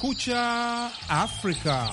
Kumekucha Afrika.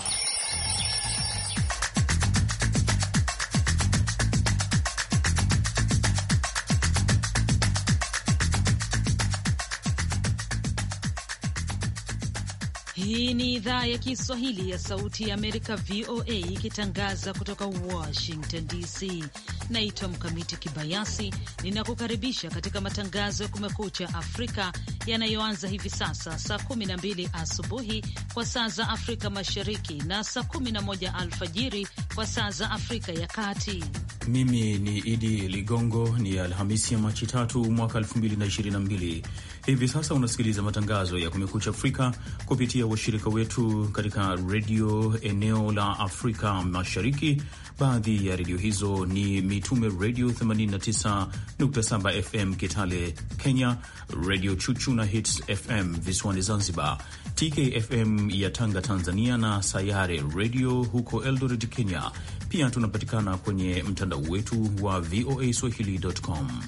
Hii ni idhaa ya Kiswahili ya Sauti ya Amerika, VOA, ikitangaza kutoka Washington DC. Naitwa Mkamiti Kibayasi, ninakukaribisha katika matangazo ya Kumekucha Afrika yanayoanza hivi sasa saa 12 asubuhi kwa saa za Afrika Mashariki na saa 11 alfajiri kwa saa za Afrika ya Kati. Mimi ni Idi Ligongo. Ni Alhamisi ya Machi tatu mwaka 222 Hivi sasa unasikiliza matangazo ya Kumekucha Afrika kupitia washirika wetu katika redio eneo la Afrika Mashariki. Baadhi ya redio hizo ni Mitume Redio 89.7 FM Kitale Kenya, Redio Chuchu na Hits FM visiwani Zanzibar, TKFM ya Tanga Tanzania, na Sayare Redio huko Eldoret Kenya. Pia tunapatikana kwenye mtandao wetu wa VOA swahili.com.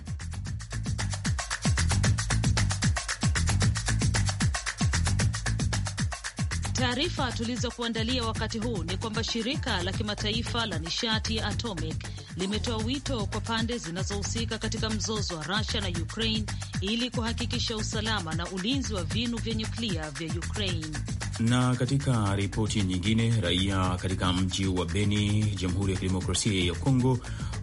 Taarifa tulizokuandalia wakati huu ni kwamba shirika la kimataifa la nishati ya atomic limetoa wito kwa pande zinazohusika katika mzozo wa rusia na Ukraine ili kuhakikisha usalama na ulinzi wa vinu vya nyuklia vya Ukraine. Na katika ripoti nyingine, raia katika mji wa Beni, Jamhuri ya Kidemokrasia ya Kongo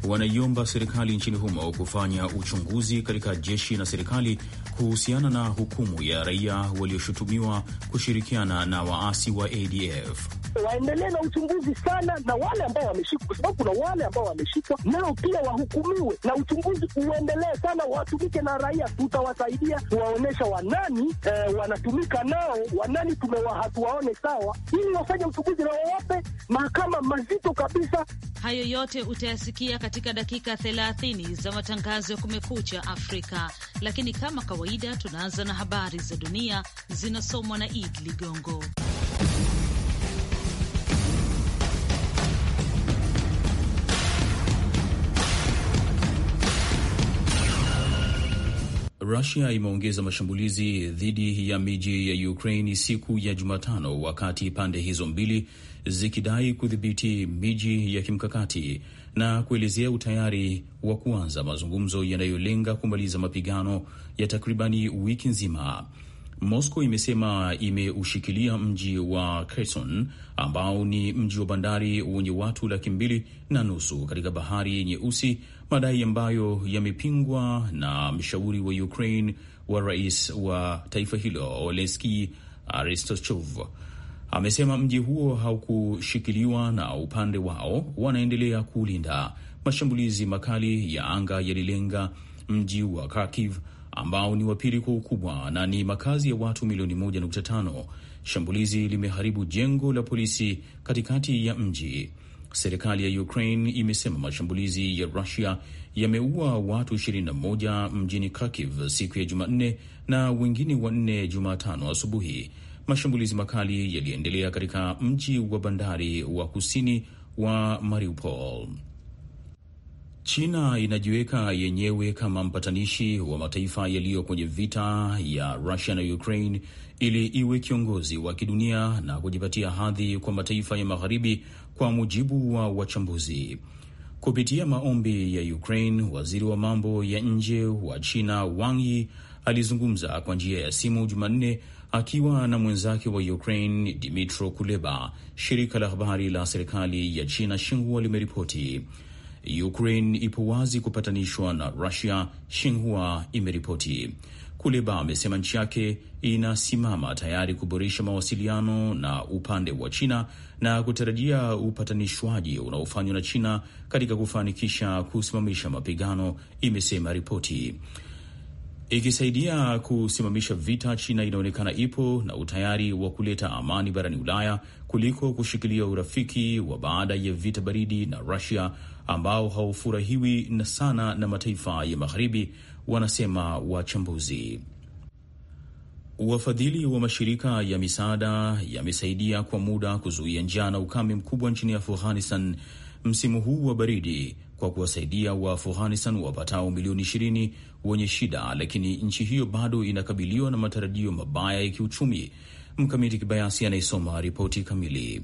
wanaiomba serikali nchini humo kufanya uchunguzi katika jeshi na serikali kuhusiana na hukumu ya raia walioshutumiwa kushirikiana na waasi wa ADF. Waendelee na uchunguzi sana, na wale ambao wameshikwa, kwa sababu kuna wale ambao wameshikwa nao pia wahukumiwe, na uchunguzi uendelee sana, watumike na raia. Tutawasaidia kuwaonyesha wanani eh, wanatumika nao, wanani tumewa hatuwaone sawa, ili wafanye uchunguzi na wawape mahakama mazito kabisa. Hayo yote utayasikia katika dakika 30 za matangazo ya Kumekucha Afrika, lakini kama kawaida, tunaanza na habari za dunia zinasomwa na Id Ligongo. Rusia imeongeza mashambulizi dhidi ya miji ya Ukraini siku ya Jumatano, wakati pande hizo mbili zikidai kudhibiti miji ya kimkakati na kuelezea utayari wa kuanza mazungumzo yanayolenga kumaliza mapigano ya takribani wiki nzima. Moscow imesema imeushikilia mji wa Kherson ambao ni mji wa bandari wenye watu laki mbili na nusu katika bahari Nyeusi, madai ambayo yamepingwa na mshauri wa Ukraine wa rais wa taifa hilo Oleski Aristochov amesema mji huo haukushikiliwa na upande wao wanaendelea kuulinda. Mashambulizi makali ya anga yalilenga mji wa Kharkiv ambao ni wa pili kwa ukubwa na ni makazi ya watu milioni 1.5. Shambulizi limeharibu jengo la polisi katikati ya mji. Serikali ya Ukraine imesema mashambulizi ya Rusia yameua watu 21 mjini Kharkiv siku ya Jumanne na wengine wanne Jumatano asubuhi. Mashambulizi makali yaliendelea katika mji wa bandari wa kusini wa Mariupol. China inajiweka yenyewe kama mpatanishi wa mataifa yaliyo kwenye vita ya Rusia na Ukraine ili iwe kiongozi wa kidunia na kujipatia hadhi kwa mataifa ya magharibi, kwa mujibu wa wachambuzi. Kupitia maombi ya Ukraine, waziri wa mambo ya nje wa China Wang Yi alizungumza kwa njia ya simu Jumanne akiwa na mwenzake wa Ukraine dmitro Kuleba, shirika la habari la serikali ya China Xinhua limeripoti. Ukraine ipo wazi kupatanishwa na Rusia, Xinhua imeripoti. Kuleba amesema nchi yake inasimama tayari kuboresha mawasiliano na upande wa China na kutarajia upatanishwaji unaofanywa na China katika kufanikisha kusimamisha mapigano, imesema ripoti ikisaidia kusimamisha vita. China inaonekana ipo na utayari wa kuleta amani barani Ulaya kuliko kushikilia urafiki wa baada ya vita baridi na Rusia, ambao haufurahiwi na sana na mataifa ya Magharibi, wanasema wachambuzi. Wafadhili wa mashirika ya misaada yamesaidia kwa muda kuzuia njaa na ukame mkubwa nchini Afghanistan msimu huu wa baridi kwa kuwasaidia wa afghanistan wapatao milioni ishirini wenye shida, lakini nchi hiyo bado inakabiliwa na matarajio mabaya ya kiuchumi. Mkamiti Kibayasi anayesoma ripoti kamili.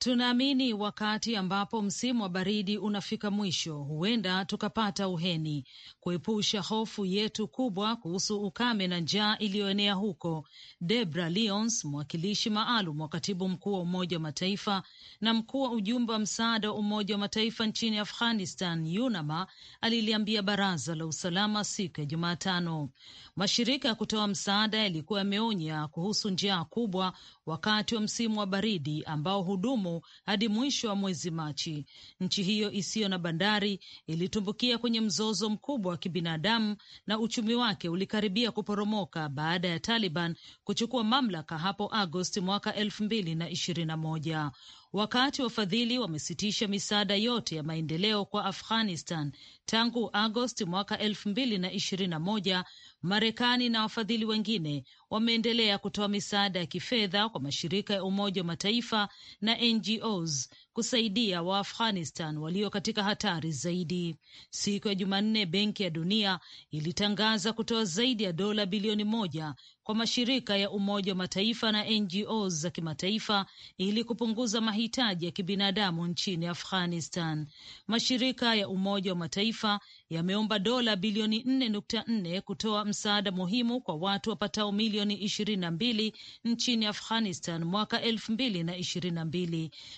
Tunaamini wakati ambapo msimu wa baridi unafika mwisho, huenda tukapata uheni, kuepusha hofu yetu kubwa kuhusu ukame na njaa iliyoenea huko, Debra Lyons, mwakilishi maalum wa katibu mkuu wa Umoja wa Mataifa na mkuu wa ujumbe wa msaada wa Umoja wa Mataifa nchini Afghanistan, UNAMA, aliliambia Baraza la Usalama siku ya Jumatano. Mashirika ya kutoa msaada yalikuwa yameonya kuhusu njaa kubwa wakati wa msimu wa baridi ambao hudumu hadi mwisho wa mwezi Machi. Nchi hiyo isiyo na bandari ilitumbukia kwenye mzozo mkubwa wa kibinadamu na uchumi wake ulikaribia kuporomoka baada ya Taliban kuchukua mamlaka hapo Agosti mwaka elfu mbili na ishirini na moja. Wakati wafadhili wamesitisha misaada yote ya maendeleo kwa Afghanistan tangu Agosti mwaka elfu mbili na ishirini na moja, Marekani na wafadhili wengine wameendelea kutoa misaada ya kifedha kwa mashirika ya Umoja wa Mataifa na NGOs kusaidia Waafghanistan walio katika hatari zaidi. Siku ya Jumanne, Benki ya Dunia ilitangaza kutoa zaidi ya dola bilioni moja kwa mashirika ya Umoja wa Mataifa na NGOs za kimataifa ili kupunguza mahitaji ya kibinadamu nchini Afghanistan. Mashirika ya Umoja wa Mataifa yameomba dola bilioni 44 kutoa msaada muhimu kwa watu wapatao milioni 22 na mbili nchini Afghanistan mwaka elfu na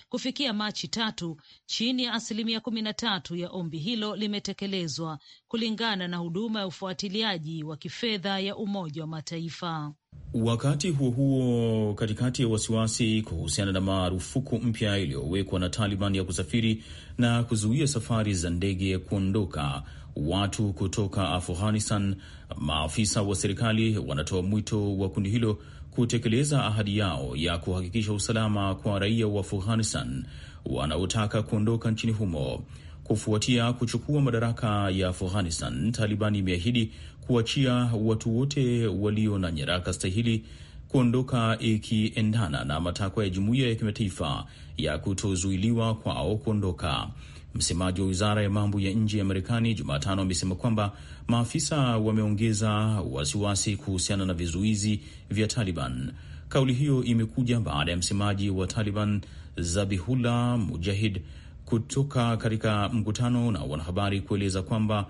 kufikia Machi tatu, chini ya asilimia kumi na tatu ya ombi hilo limetekelezwa, kulingana na huduma ya ufuatiliaji wa kifedha ya Umoja wa Mataifa. Wakati huo huo, katikati ya wasiwasi kuhusiana na marufuku mpya iliyowekwa na Taliban ya kusafiri na kuzuia safari za ndege kuondoka watu kutoka Afghanistan, maafisa wa serikali wanatoa mwito wa kundi hilo kutekeleza ahadi yao ya kuhakikisha usalama kwa raia wa Afghanistan wanaotaka kuondoka nchini humo. Kufuatia kuchukua madaraka ya Afghanistan, Taliban imeahidi kuachia watu wote walio na nyaraka stahili kuondoka ikiendana na matakwa ya jumuiya ya kimataifa ya kutozuiliwa kwao kuondoka. Msemaji wa wizara ya mambo ya nje ya Marekani Jumatano amesema kwamba maafisa wameongeza wasiwasi kuhusiana na vizuizi vya Taliban. Kauli hiyo imekuja baada ya msemaji wa Taliban Zabihullah Mujahid kutoka katika mkutano na wanahabari kueleza kwamba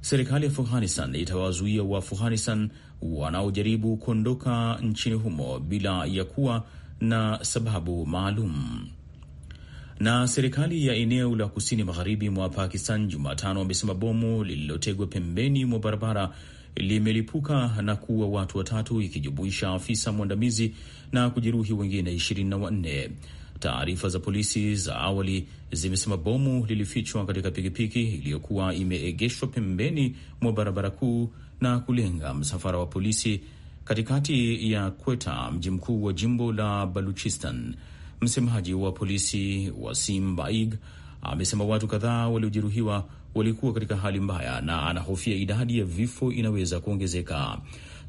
serikali ya Afghanistan itawazuia Waafghanistan wanaojaribu kuondoka nchini humo bila ya kuwa na sababu maalum. Na serikali ya eneo la kusini magharibi mwa Pakistan Jumatano wamesema bomu lililotegwa pembeni mwa barabara limelipuka na kuua watu watatu ikijumuisha afisa mwandamizi na kujeruhi wengine ishirini na wanne. Taarifa za polisi za awali zimesema bomu lilifichwa katika pikipiki iliyokuwa imeegeshwa pembeni mwa barabara kuu na kulenga msafara wa polisi katikati ya Kweta, mji mkuu wa jimbo la Baluchistan. Msemaji wa polisi Wasim Baig amesema watu kadhaa waliojeruhiwa walikuwa katika hali mbaya na anahofia idadi ya vifo inaweza kuongezeka.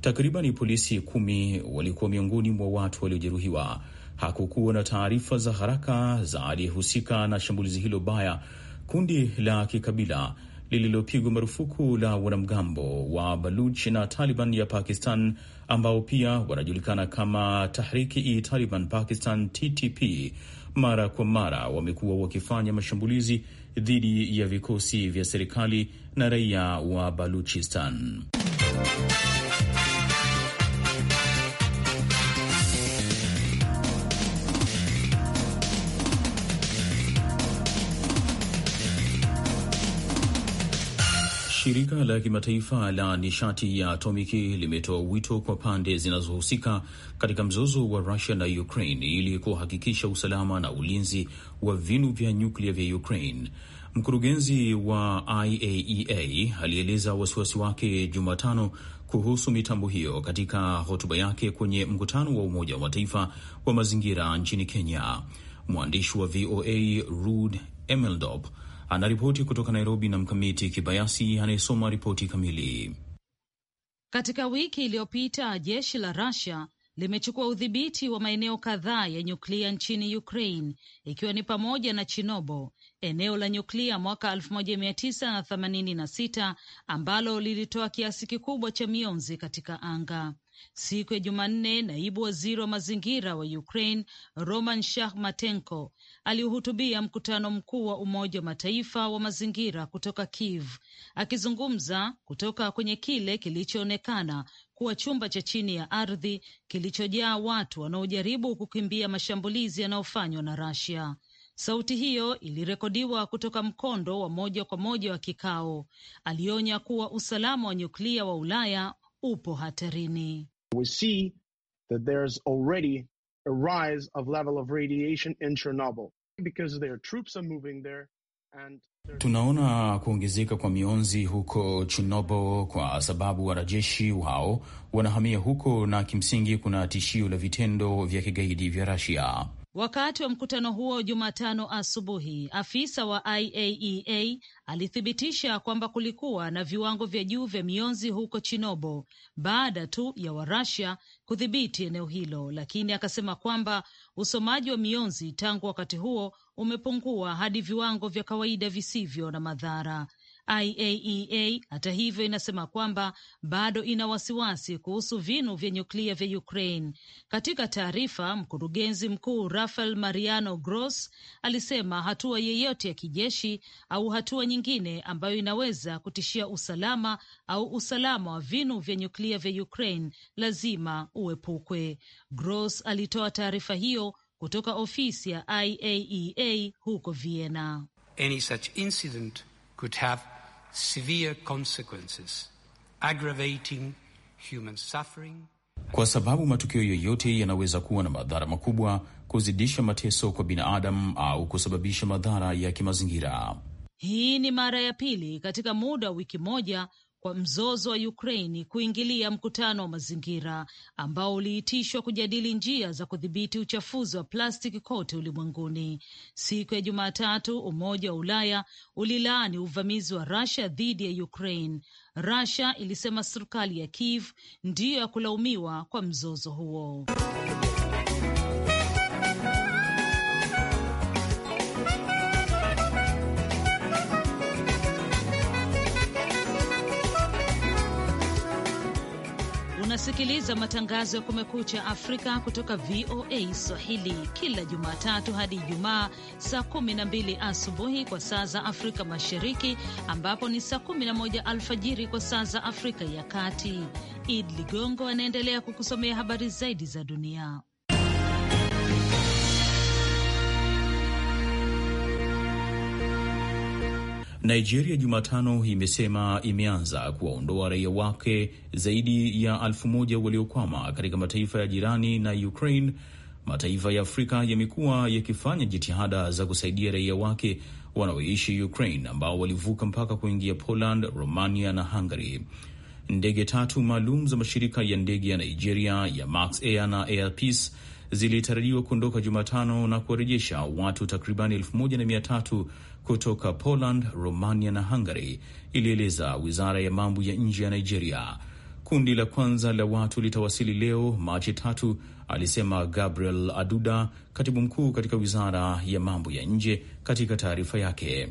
Takriban polisi kumi walikuwa miongoni mwa watu waliojeruhiwa. Hakukuwa na taarifa za haraka za aliyehusika na shambulizi hilo baya. Kundi la kikabila lililopigwa marufuku la wanamgambo wa Baluch na Taliban ya Pakistan ambao pia wanajulikana kama tahriki i Taliban Pakistan TTP, mara kwa mara wamekuwa wakifanya mashambulizi dhidi ya vikosi vya serikali na raia wa Baluchistan. Shirika la kimataifa la nishati ya atomiki limetoa wito kwa pande zinazohusika katika mzozo wa Rusia na Ukraine ili kuhakikisha usalama na ulinzi wa vinu vya nyuklia vya Ukraine. Mkurugenzi wa IAEA e alieleza wasiwasi wake Jumatano kuhusu mitambo hiyo katika hotuba yake kwenye mkutano wa Umoja wa Mataifa wa mazingira nchini Kenya. Mwandishi wa VOA Rud Emeldop anaripoti kutoka Nairobi na Mkamiti Kibayasi anayesoma ripoti kamili. Katika wiki iliyopita jeshi la Russia limechukua udhibiti wa maeneo kadhaa ya nyuklia nchini Ukraine, ikiwa ni pamoja na Chinobo, eneo la nyuklia mwaka 1986 ambalo lilitoa kiasi kikubwa cha mionzi katika anga. Siku ya Jumanne, naibu waziri wa mazingira wa Ukraine Roman matenko alihutubia mkutano mkuu wa Umoja wa Mataifa wa mazingira kutoka Kiev, akizungumza kutoka kwenye kile kilichoonekana kuwa chumba cha chini ya ardhi kilichojaa watu wanaojaribu kukimbia mashambulizi yanayofanywa na Russia. Sauti hiyo ilirekodiwa kutoka mkondo wa moja kwa moja wa kikao. Alionya kuwa usalama wa nyuklia wa Ulaya upo hatarini. We see that there's already a rise of level of radiation in Chernobyl because their troops are moving there. Tunaona kuongezeka kwa mionzi huko Chernobyl kwa sababu wanajeshi wao wanahamia huko na kimsingi kuna tishio la vitendo vya kigaidi vya Russia. Wakati wa mkutano huo Jumatano asubuhi, afisa wa IAEA e alithibitisha kwamba kulikuwa na viwango vya juu vya mionzi huko Chinobo baada tu ya Warusia kudhibiti eneo hilo, lakini akasema kwamba usomaji wa mionzi tangu wakati huo umepungua hadi viwango vya kawaida visivyo na madhara. IAEA e hata hivyo inasema kwamba bado ina wasiwasi kuhusu vinu vya nyuklia vya Ukraine. Katika taarifa, mkurugenzi mkuu Rafael Mariano Gross alisema hatua yeyote ya kijeshi au hatua nyingine ambayo inaweza kutishia usalama au usalama wa vinu vya nyuklia vya Ukraine lazima uepukwe. Gross alitoa taarifa hiyo kutoka ofisi ya IAEA e huko Vienna. Any such incident could have severe consequences, aggravating human suffering. Kwa sababu matukio yoyote yanaweza kuwa na madhara makubwa, kuzidisha mateso kwa binadamu au kusababisha madhara ya kimazingira. Hii ni mara ya pili katika muda wa wiki moja kwa mzozo wa Ukraini kuingilia mkutano wa mazingira ambao uliitishwa kujadili njia za kudhibiti uchafuzi wa plastiki kote ulimwenguni. Siku ya Jumatatu, Umoja wa Ulaya ulilaani uvamizi wa Russia dhidi ya Ukraine. Russia ilisema serikali ya Kiev ndiyo ya kulaumiwa kwa mzozo huo. Unasikiliza matangazo ya Kumekucha Afrika kutoka VOA Swahili kila Jumatatu hadi Ijumaa saa 12 asubuhi kwa saa za Afrika Mashariki, ambapo ni saa 11 alfajiri kwa saa za Afrika ya Kati. Id Ligongo anaendelea kukusomea habari zaidi za dunia. Nigeria Jumatano imesema imeanza kuwaondoa raia wake zaidi ya elfu moja waliokwama katika mataifa ya jirani na Ukraine. Mataifa ya Afrika yamekuwa yakifanya jitihada za kusaidia raia wake wanaoishi Ukraine ambao walivuka mpaka kuingia Poland, Romania na Hungary. Ndege tatu maalum za mashirika ya ndege ya Nigeria ya Max Air na Air Peace zilitarajiwa kuondoka Jumatano na kuwarejesha watu takribani elfu moja na mia tatu kutoka Poland, Romania na Hungary, ilieleza wizara ya mambo ya nje ya Nigeria. Kundi la kwanza la watu litawasili leo Machi tatu, alisema Gabriel Aduda, katibu mkuu katika wizara ya mambo ya nje, katika taarifa yake.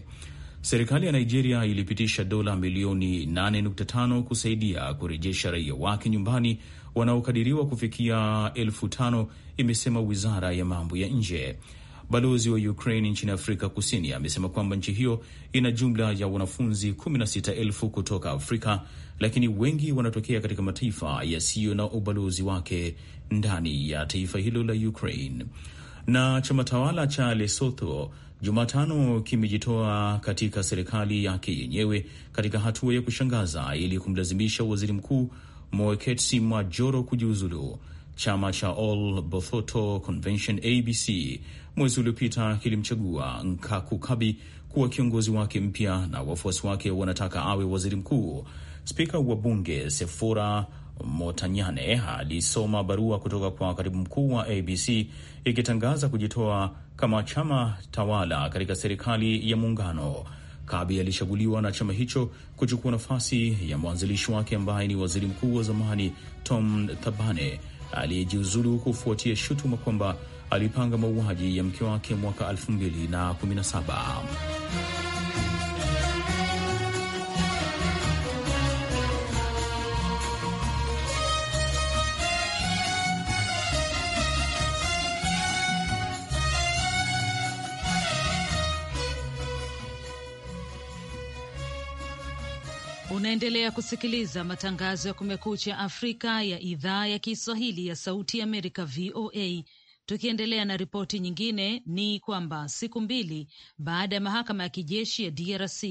Serikali ya Nigeria ilipitisha dola milioni 8.5 kusaidia kurejesha raia wake nyumbani wanaokadiriwa kufikia elfu tano imesema wizara ya mambo ya nje. Balozi wa Ukraine nchini Afrika Kusini amesema kwamba nchi hiyo ina jumla ya wanafunzi 16,000 kutoka Afrika, lakini wengi wanatokea katika mataifa yasiyo na ubalozi wake ndani ya taifa hilo la Ukraine. Na chama tawala cha Lesotho Jumatano kimejitoa katika serikali yake yenyewe katika hatua ya kushangaza ili kumlazimisha waziri mkuu Moeketsi Mwajoro kujiuzulu. Chama cha All Bothoto Convention ABC mwezi uliopita kilimchagua Nkaku Kabi kuwa kiongozi wake mpya, na wafuasi wake wanataka awe waziri mkuu. Spika wa bunge Sefora Motanyane alisoma barua kutoka kwa katibu mkuu wa ABC ikitangaza kujitoa kama chama tawala katika serikali ya muungano. Kabi alichaguliwa na chama hicho kuchukua nafasi ya mwanzilishi wake ambaye ni waziri mkuu wa zamani Tom Thabane aliyejiuzulu kufuatia shutuma kwamba alipanga mauaji ya mke wake mwaka 2017. Unaendelea kusikiliza matangazo ya Kumekucha Afrika ya idhaa ya Kiswahili ya Sauti ya Amerika, VOA, Tukiendelea na ripoti nyingine ni kwamba siku mbili baada ya mahakama ya kijeshi ya DRC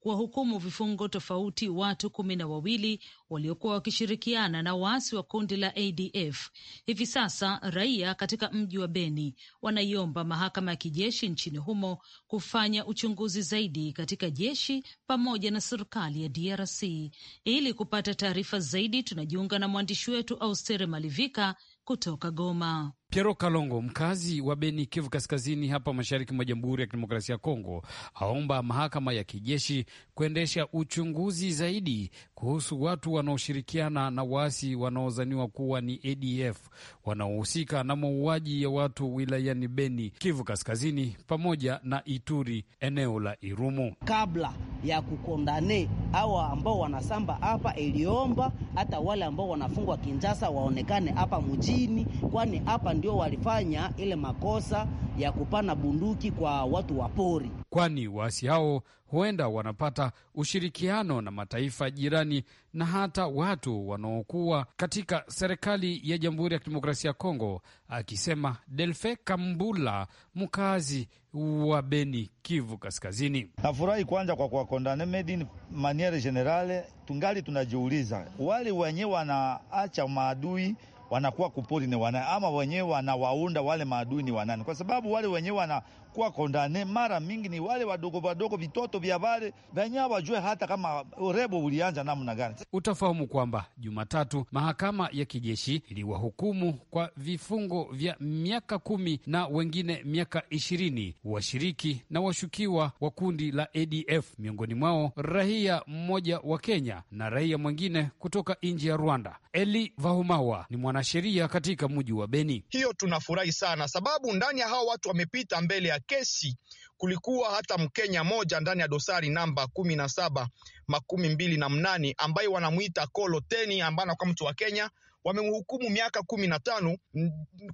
kuwahukumu vifungo tofauti watu kumi na wawili waliokuwa wakishirikiana na waasi wa kundi la ADF, hivi sasa raia katika mji wa Beni wanaiomba mahakama ya kijeshi nchini humo kufanya uchunguzi zaidi katika jeshi pamoja na serikali ya DRC. Ili kupata taarifa zaidi, tunajiunga na mwandishi wetu Austere Malivika kutoka Goma. Piero Kalongo, mkazi wa Beni, Kivu Kaskazini, hapa mashariki mwa Jamhuri ya Kidemokrasia ya Kongo, aomba mahakama ya kijeshi kuendesha uchunguzi zaidi kuhusu watu wanaoshirikiana na waasi wanaozaniwa kuwa ni ADF wanaohusika na mauaji ya watu wilayani Beni, Kivu Kaskazini pamoja na Ituri, eneo la Irumu, kabla ya kukondane hawa ambao wanasamba hapa. Iliomba hata wale ambao wanafungwa kinjasa waonekane hapa mjini, kwani hapa ndio walifanya ile makosa ya kupana bunduki kwa watu wa pori, kwani waasi hao huenda wanapata ushirikiano na mataifa jirani na hata watu wanaokuwa katika serikali ya Jamhuri ya Kidemokrasia ya Kongo, akisema Delfe Kambula, mkazi wa Beni, Kivu Kaskazini. Nafurahi kwanza kwa kuwakondane medi maniere generale, tungali tunajiuliza wale wenye wanaacha maadui wanakuwa kupori ni wanani ama wenyewe wanawaunda wale maadui ni wanani? Kwa sababu wale wenyewe wanakuwa kondane mara mingi ni wale wadogo wadogo, vitoto vya vale wenyewe wajue hata kama urebo ulianza namna gani. Utafahamu kwamba Jumatatu mahakama ya kijeshi iliwahukumu kwa vifungo vya miaka kumi na wengine miaka ishirini washiriki na washukiwa wa kundi la ADF, miongoni mwao raia mmoja wa Kenya na raia mwingine kutoka nji ya Rwanda. Eli Vahumawa ni mwana wanasheria katika mji wa Beni. Hiyo tunafurahi sana, sababu ndani ya hao watu wamepita mbele ya kesi, kulikuwa hata Mkenya moja ndani ya dosari namba kumi na saba makumi mbili na mnane ambaye wanamwita Koloteni ambaye anakuwa mtu wa Kenya wamemhukumu miaka kumi na tano.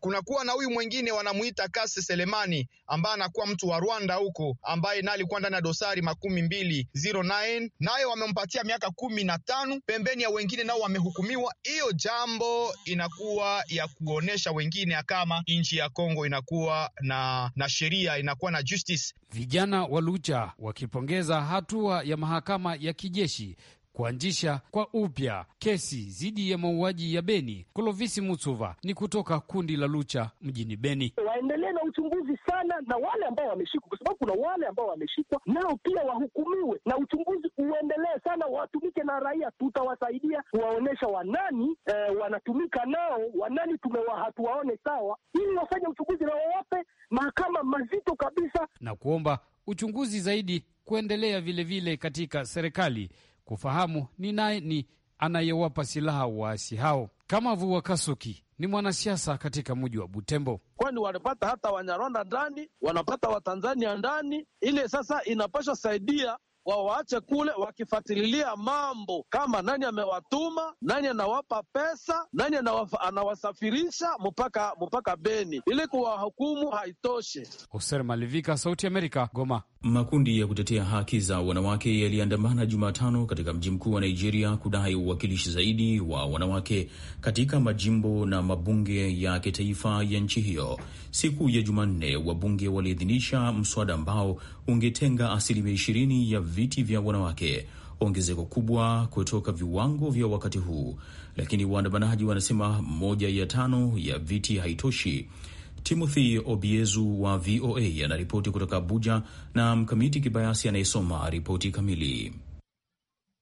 Kunakuwa na huyu mwingine wanamuita Kasi Selemani ambaye anakuwa mtu wa Rwanda huko ambaye naye alikuwa ndani ya dosari makumi mbili 09 naye wamempatia miaka kumi na tano pembeni ya wengine nao wamehukumiwa. Hiyo jambo inakuwa ya kuonesha wengine kama nchi ya Kongo inakuwa na, na sheria inakuwa na justice. Vijana wa Lucha wakipongeza hatua ya mahakama ya kijeshi kuanzisha kwa upya kesi dhidi ya mauaji ya Beni. Kolovisi Mutsuva ni kutoka kundi la Lucha mjini Beni. Waendelee na uchunguzi sana, na wale ambao wameshikwa, kwa sababu kuna wale ambao wameshikwa nao pia wahukumiwe, na uchunguzi uendelee sana, watumike na raia. Tutawasaidia kuwaonyesha wanani eh, wanatumika nao, wanani tumewa hatuwaone sawa, ili wafanye uchunguzi na wawape mahakama mazito kabisa, na kuomba uchunguzi zaidi kuendelea vilevile vile katika serikali kufahamu ni nani anayewapa silaha waasi hao. Kama Vua Kasuki ni mwanasiasa katika mji wa Butembo, kwani walipata hata Wanyarwanda ndani, wanapata Watanzania ndani, ile sasa inapasha saidia wawaache kule wakifuatilia mambo kama nani amewatuma, nani anawapa pesa, nani anawasafirisha mpaka mpaka Beni ili kuwahukumu haitoshe. Hoser Malivika, Sauti Amerika, Goma. Makundi ya kutetea haki za wanawake yaliandamana Jumatano katika mji mkuu wa Nigeria kudai uwakilishi zaidi wa wanawake katika majimbo na mabunge ya kitaifa ya nchi hiyo. Siku ya Jumanne wabunge waliidhinisha mswada ambao ungetenga asilimia ishirini ya viti vya wanawake, ongezeko kubwa kutoka viwango vya wakati huu. Lakini waandamanaji wanasema moja ya tano ya viti haitoshi. Timothy Obiezu wa VOA anaripoti kutoka Abuja na Mkamiti Kibayasi anayesoma ripoti kamili.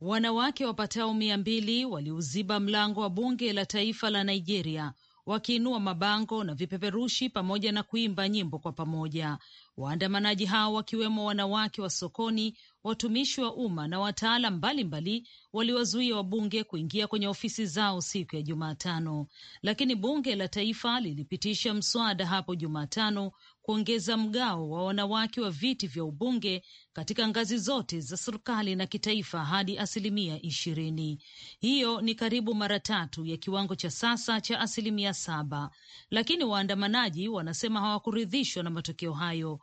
Wanawake wapatao mia mbili waliuziba mlango wa bunge la taifa la Nigeria wakiinua mabango na vipeperushi pamoja na kuimba nyimbo kwa pamoja Waandamanaji hao wakiwemo wanawake wa sokoni, watumishi wa umma na wataalam mbalimbali waliwazuia wabunge kuingia kwenye ofisi zao siku ya Jumatano, lakini bunge la taifa lilipitisha mswada hapo Jumatano kuongeza mgao wa wanawake wa viti vya ubunge katika ngazi zote za serikali na kitaifa hadi asilimia ishirini. Hiyo ni karibu mara tatu ya kiwango cha sasa cha asilimia saba, lakini waandamanaji wanasema hawakuridhishwa na matokeo hayo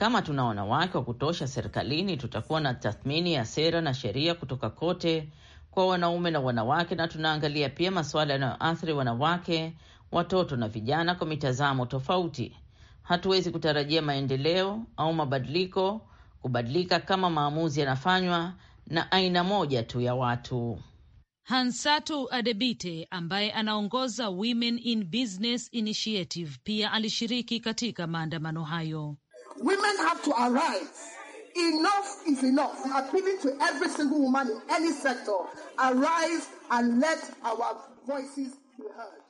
Kama tuna wanawake wa kutosha serikalini, tutakuwa na tathmini ya sera na sheria kutoka kote kwa wanaume na wanawake, na tunaangalia pia masuala yanayoathiri wanawake, watoto na vijana kwa mitazamo tofauti. Hatuwezi kutarajia maendeleo au mabadiliko kubadilika kama maamuzi yanafanywa na aina moja tu ya watu. Hansatu Adebite ambaye anaongoza Women in Business Initiative pia alishiriki katika maandamano hayo. Women have to arise. Enough is enough. We are appealing to every single woman in any sector. Arise and let our voices be heard.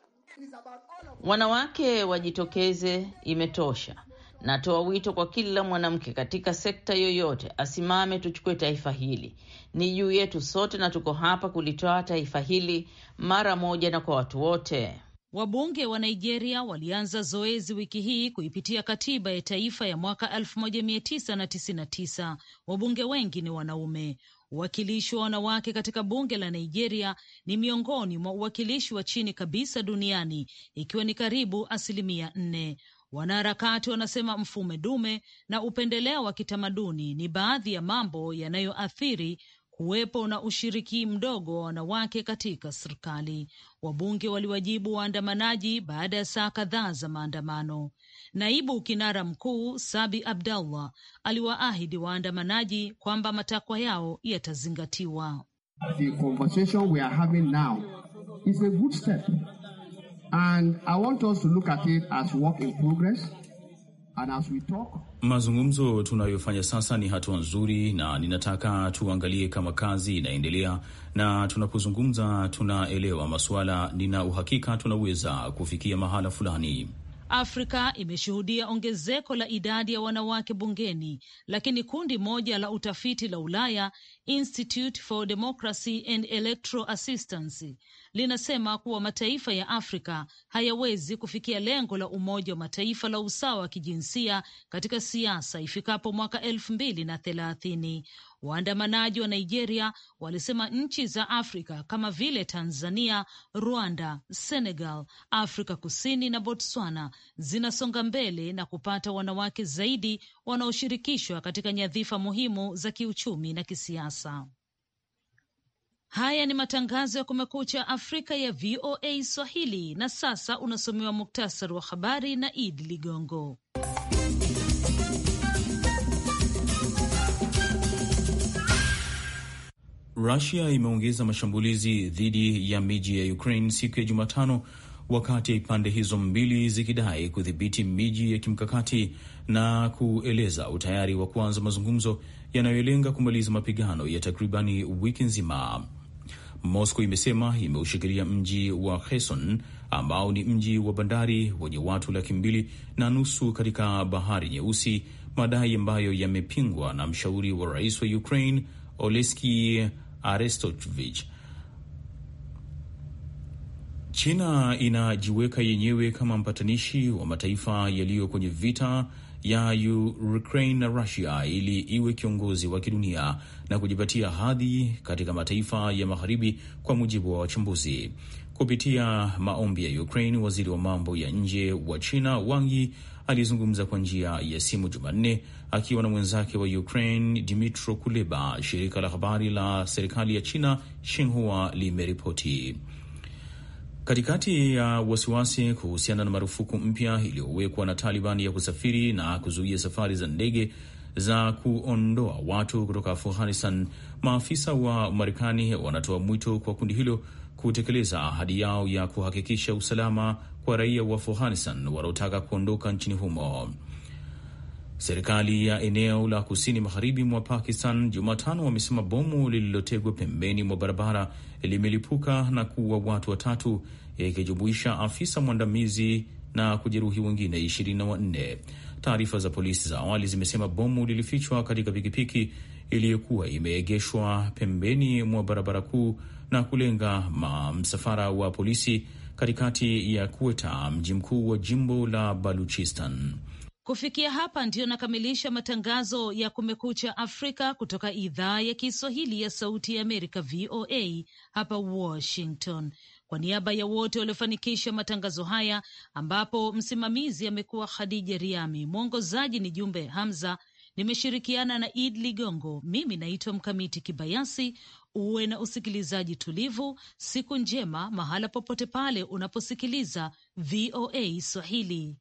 Wanawake wajitokeze, imetosha. Natoa wito kwa kila mwanamke katika sekta yoyote asimame, tuchukue taifa hili. Ni juu yetu sote, na tuko hapa kulitoa taifa hili mara moja na kwa watu wote. Wabunge wa Nigeria walianza zoezi wiki hii kuipitia katiba ya taifa ya mwaka 1999. Wabunge wengi ni wanaume. Uwakilishi wa wanawake katika bunge la Nigeria ni miongoni mwa uwakilishi wa chini kabisa duniani, ikiwa ni karibu asilimia nne. Wanaharakati wanasema mfumo dume na upendeleo wa kitamaduni ni baadhi ya mambo yanayoathiri kuwepo na ushiriki mdogo wa wanawake katika serikali, wabunge waliwajibu waandamanaji baada ya saa kadhaa za maandamano. Naibu kinara mkuu Sabi Abdallah aliwaahidi waandamanaji kwamba matakwa yao yatazingatiwa. The Talk... mazungumzo tunayofanya sasa ni hatua nzuri, na ninataka tuangalie kama kazi inaendelea, na tunapozungumza tunaelewa masuala, nina uhakika tunaweza kufikia mahala fulani. Afrika imeshuhudia ongezeko la idadi ya wanawake bungeni, lakini kundi moja la utafiti la Ulaya, Institute for Democracy and Electoral Assistance, linasema kuwa mataifa ya Afrika hayawezi kufikia lengo la Umoja wa Mataifa la usawa wa kijinsia katika siasa ifikapo mwaka elfu mbili na thelathini. Waandamanaji wa Nigeria walisema nchi za Afrika kama vile Tanzania, Rwanda, Senegal, Afrika Kusini na Botswana zinasonga mbele na kupata wanawake zaidi wanaoshirikishwa katika nyadhifa muhimu za kiuchumi na kisiasa. Haya ni matangazo ya Kumekucha Afrika ya VOA Swahili, na sasa unasomewa muktasari wa habari na Idi Ligongo. Rusia imeongeza mashambulizi dhidi ya miji ya Ukraine siku ya Jumatano, wakati pande hizo mbili zikidai kudhibiti miji ya kimkakati na kueleza utayari wa kuanza mazungumzo yanayolenga kumaliza mapigano ya takribani wiki nzima. Moscow imesema imeushikilia mji wa Kherson ambao ni mji wa bandari wenye watu laki mbili na nusu katika bahari Nyeusi, madai ambayo yamepingwa na mshauri wa rais wa Ukraine Oleski Arestovich. China inajiweka yenyewe kama mpatanishi wa mataifa yaliyo kwenye vita ya Ukraine na Russia ili iwe kiongozi wa kidunia na kujipatia hadhi katika mataifa ya magharibi, kwa mujibu wa wachambuzi. Kupitia maombi ya Ukraine, waziri wa mambo ya nje wa China Wang Yi aliyezungumza kwa njia ya simu Jumanne akiwa na mwenzake wa Ukraine dmitro Kuleba, shirika la habari la serikali ya China Xinhua limeripoti. Katikati ya uh, wasiwasi kuhusiana na marufuku mpya iliyowekwa na Taliban ya kusafiri na kuzuia safari za ndege za kuondoa watu kutoka Afghanistan, maafisa wa Marekani wanatoa mwito kwa kundi hilo kutekeleza ahadi yao ya kuhakikisha usalama kwa raia wa Afghanistan wanaotaka kuondoka nchini humo. Serikali ya eneo la kusini magharibi mwa Pakistan Jumatano wamesema bomu lililotegwa pembeni mwa barabara limelipuka na kuua watu watatu, ikijumuisha afisa mwandamizi na kujeruhi wengine ishirini na wanne. Taarifa za polisi za awali zimesema bomu lilifichwa katika pikipiki iliyokuwa imeegeshwa pembeni mwa barabara kuu na kulenga msafara wa polisi katikati ya kueta mji mkuu wa jimbo la Baluchistan. Kufikia hapa ndiyo nakamilisha matangazo ya Kumekucha Afrika kutoka idhaa ya Kiswahili ya Sauti ya Amerika, VOA hapa Washington. Kwa niaba ya wote waliofanikisha matangazo haya, ambapo msimamizi amekuwa Khadija Riami, mwongozaji ni Jumbe Hamza, nimeshirikiana na Id Ligongo. Mimi naitwa Mkamiti Kibayasi uwe na usikilizaji tulivu. Siku njema mahala popote pale unaposikiliza VOA Swahili.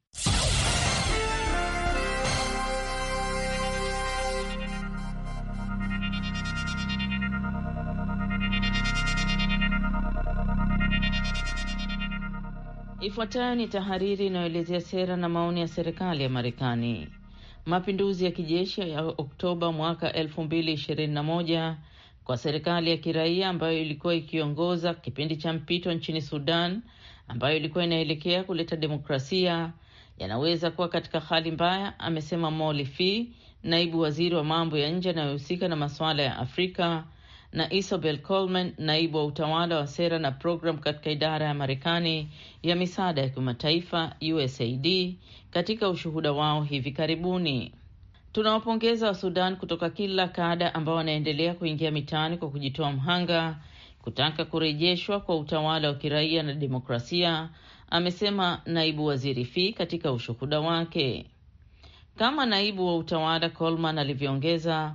Ifuatayo ni tahariri inayoelezea sera na maoni ya serikali ya Marekani. Mapinduzi ya kijeshi ya Oktoba mwaka 2021 kwa serikali ya kiraia ambayo ilikuwa ikiongoza kipindi cha mpito nchini Sudan, ambayo ilikuwa inaelekea kuleta demokrasia yanaweza kuwa katika hali mbaya, amesema Moli Fee, naibu waziri wa mambo ya nje anayohusika na masuala ya Afrika, na isabel Coleman, naibu wa utawala wa sera na programu katika idara ya Marekani ya misaada ya kimataifa USAID, katika ushuhuda wao hivi karibuni. Tunawapongeza wa Sudan kutoka kila kada ambao wanaendelea kuingia mitaani kwa kujitoa mhanga kutaka kurejeshwa kwa utawala wa kiraia na demokrasia, amesema naibu waziri Fi katika ushuhuda wake. Kama naibu wa utawala Colman alivyoongeza,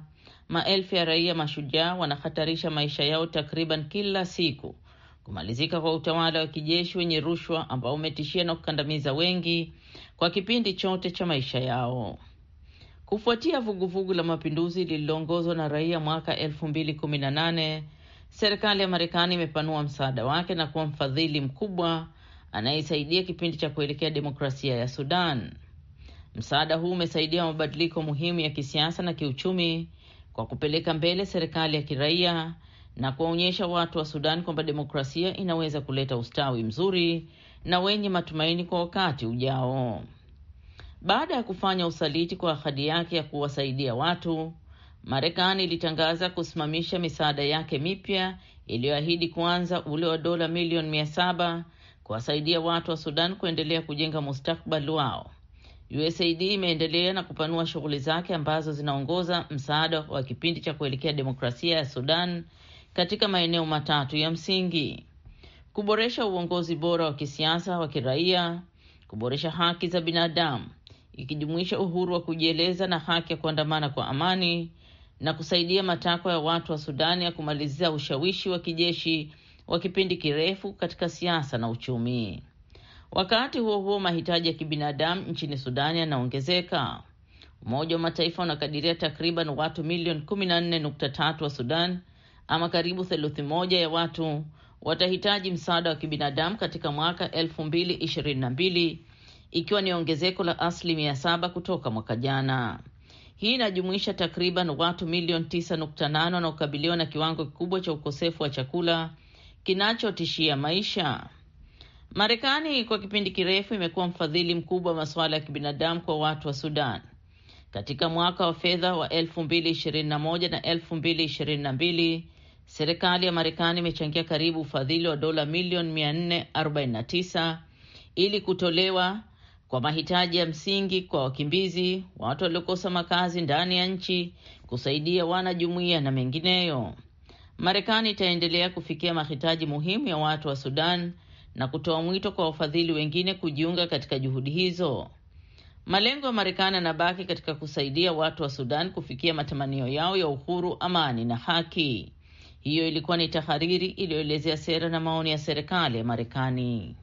maelfu ya raia mashujaa wanahatarisha maisha yao takriban kila siku kumalizika kwa utawala wa kijeshi wenye rushwa ambao umetishia na kukandamiza wengi kwa kipindi chote cha maisha yao. Kufuatia vuguvugu la mapinduzi lililoongozwa na raia mwaka 2018, serikali ya Marekani imepanua msaada wake na kuwa mfadhili mkubwa anayesaidia kipindi cha kuelekea demokrasia ya Sudan. Msaada huu umesaidia mabadiliko muhimu ya kisiasa na kiuchumi kwa kupeleka mbele serikali ya kiraia na kuwaonyesha watu wa Sudan kwamba demokrasia inaweza kuleta ustawi mzuri na wenye matumaini kwa wakati ujao. Baada ya kufanya usaliti kwa ahadi yake ya kuwasaidia watu, Marekani ilitangaza kusimamisha misaada yake mipya iliyoahidi kuanza, ule wa dola milioni mia saba kuwasaidia watu wa Sudan kuendelea kujenga mustakbali wao. USAID imeendelea na kupanua shughuli zake ambazo zinaongoza msaada wa kipindi cha kuelekea demokrasia ya Sudan katika maeneo matatu ya msingi: kuboresha uongozi bora wa kisiasa wa kiraia, kuboresha haki za binadamu ikijumuisha uhuru wa kujieleza na haki ya kuandamana kwa amani na kusaidia matakwa ya watu wa Sudani ya kumalizia ushawishi wa kijeshi wa kipindi kirefu katika siasa na uchumi. Wakati huo huo, mahitaji ya kibinadamu nchini Sudani yanaongezeka. Umoja wa Mataifa unakadiria takriban watu milioni 14.3 wa Sudan ama karibu theluthi moja ya watu watahitaji msaada wa kibinadamu katika mwaka mbili ikiwa ni ongezeko la asilimia saba kutoka mwaka jana. Hii inajumuisha takriban watu milioni 9.8 wanaokabiliwa na kiwango kikubwa cha ukosefu wa chakula kinachotishia maisha. Marekani kwa kipindi kirefu imekuwa mfadhili mkubwa wa masuala ya kibinadamu kwa watu wa Sudan. Katika mwaka wa fedha wa 2021 na 2022, serikali ya Marekani imechangia karibu ufadhili wa dola milioni 449 ili kutolewa kwa mahitaji ya msingi kwa wakimbizi, watu waliokosa makazi ndani ya nchi, kusaidia wanajumuiya na mengineyo. Marekani itaendelea kufikia mahitaji muhimu ya watu wa Sudan na kutoa mwito kwa wafadhili wengine kujiunga katika juhudi hizo. Malengo ya Marekani yanabaki katika kusaidia watu wa Sudan kufikia matamanio yao ya uhuru, amani na haki. Hiyo ilikuwa ni tahariri iliyoelezea sera na maoni ya serikali ya Marekani.